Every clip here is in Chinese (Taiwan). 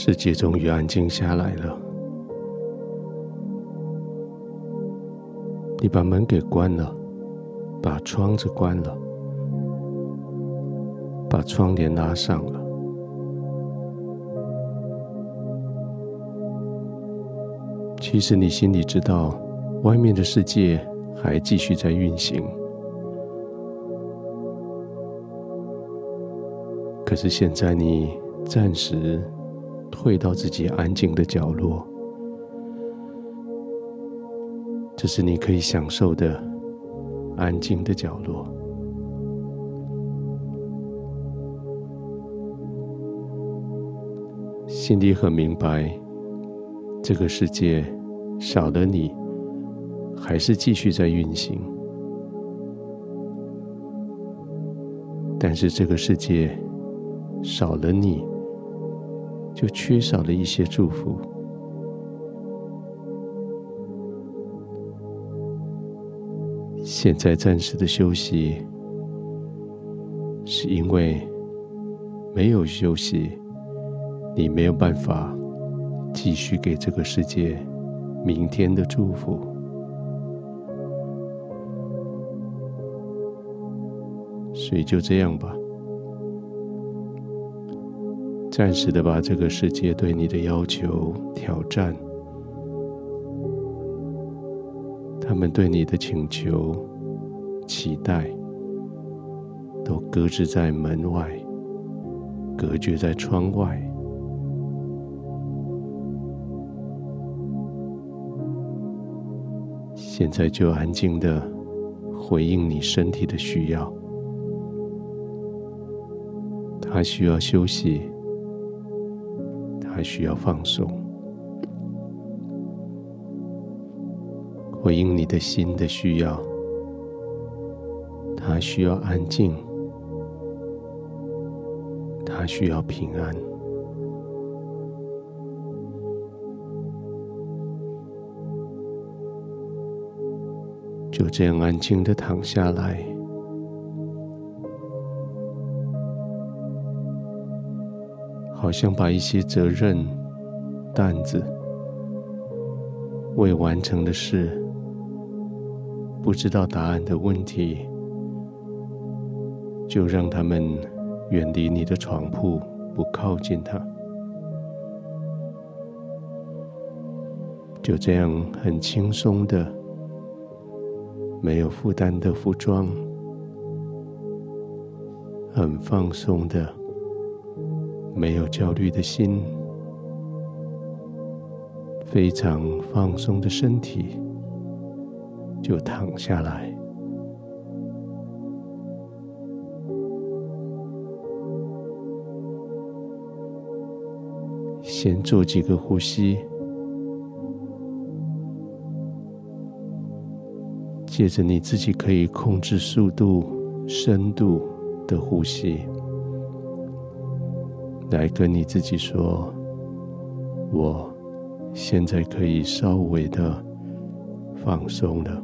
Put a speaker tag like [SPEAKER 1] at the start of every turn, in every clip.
[SPEAKER 1] 世界終於安靜下來了。你把門給關了，把窗子關了，把窗簾拉上了。其實你心裡知道，外面的世界還繼續在運行。可是現在你暫時。退到自己安靜的角落，這是你可以享受的安靜的角落。心裡很明白，這個世界少了你，還是繼續在運行。但是這個世界少了你。就缺少了一些祝福。現在暫時的休息，是因為沒有休息，你沒有辦法繼續給這個世界明天的祝福，所以就這樣吧。暫時的把這個世界對你的要求、挑戰，他們對你的請求、期待，都擱置在門外，隔絕在窗外。現在就安靜的回應你身體的需要，他需要休息。還需要放鬆，回應你的心的需要。他需要安靜，他需要平安，就這樣安靜的躺下來。好像把一些責任、擔子、未完成的事、不知道答案的問題，就讓他們遠離你的床鋪，不靠近他。就這樣很輕鬆的，沒有負擔的服裝，很放鬆的。沒有焦慮的心，非常放鬆的身體，就躺下來。先做幾個呼吸，借着你自己可以控制速度、深度的呼吸。來跟你自己說，我現在可以稍微的放鬆了。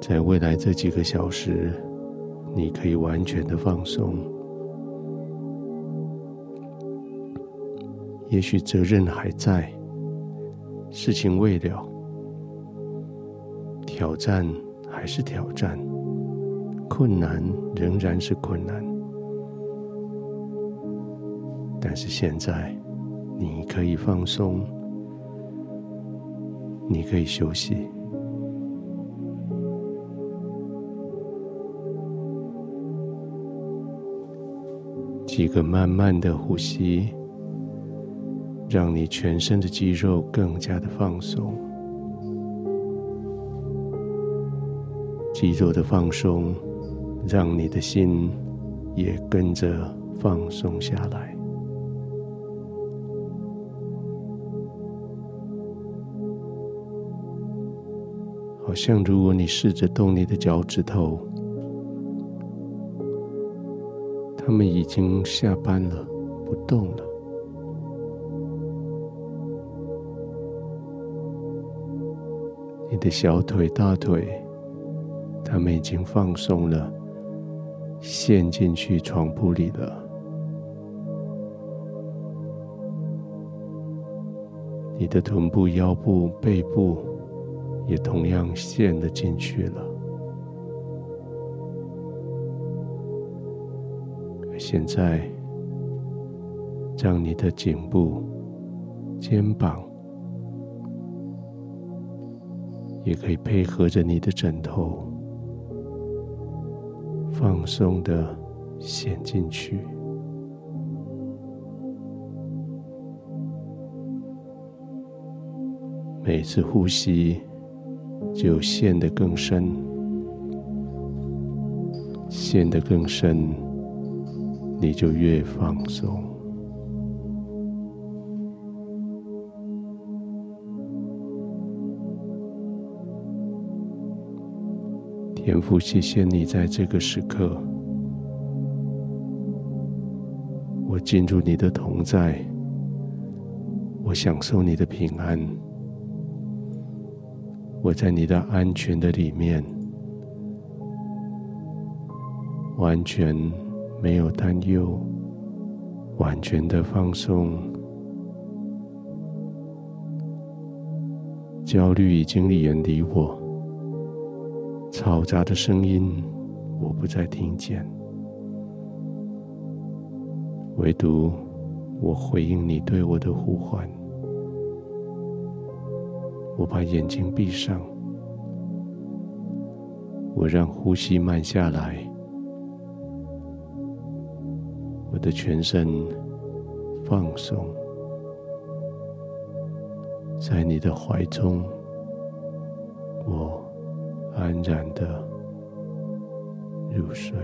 [SPEAKER 1] 在未來這幾個小時，你可以完全的放鬆。也許責任還在，事情未了，挑戰還是挑戰。困難仍然是困難，但是現在你可以放鬆，你可以休息。幾個慢慢的呼吸，讓你全身的肌肉更加的放鬆，肌肉的放鬆。讓你的心也跟着放鬆下來，好像如果你試着動你的腳趾頭，他們已經下班了，不動了。你的小腿、大腿，他們已經放鬆了。陷進去床鋪裡了，你的臀部、腰部、背部也同樣陷了進去了。現在，將你的頸部、肩膀也可以配合着你的枕頭。放鬆地陷進去，每次呼吸就陷得更深，陷得更深，你就越放鬆。天父，謝謝你在這個時刻，我進入你的同在，我享受你的平安，我在你的安全的裡面，完全沒有擔憂，完全的放鬆，焦慮已經遠離我。嘈雜的聲音，我不再聽見。唯獨，我回應你對我的呼喚。我把眼睛閉上，我讓呼吸慢下來，我的全身放鬆，在你的懷中。安然地入睡。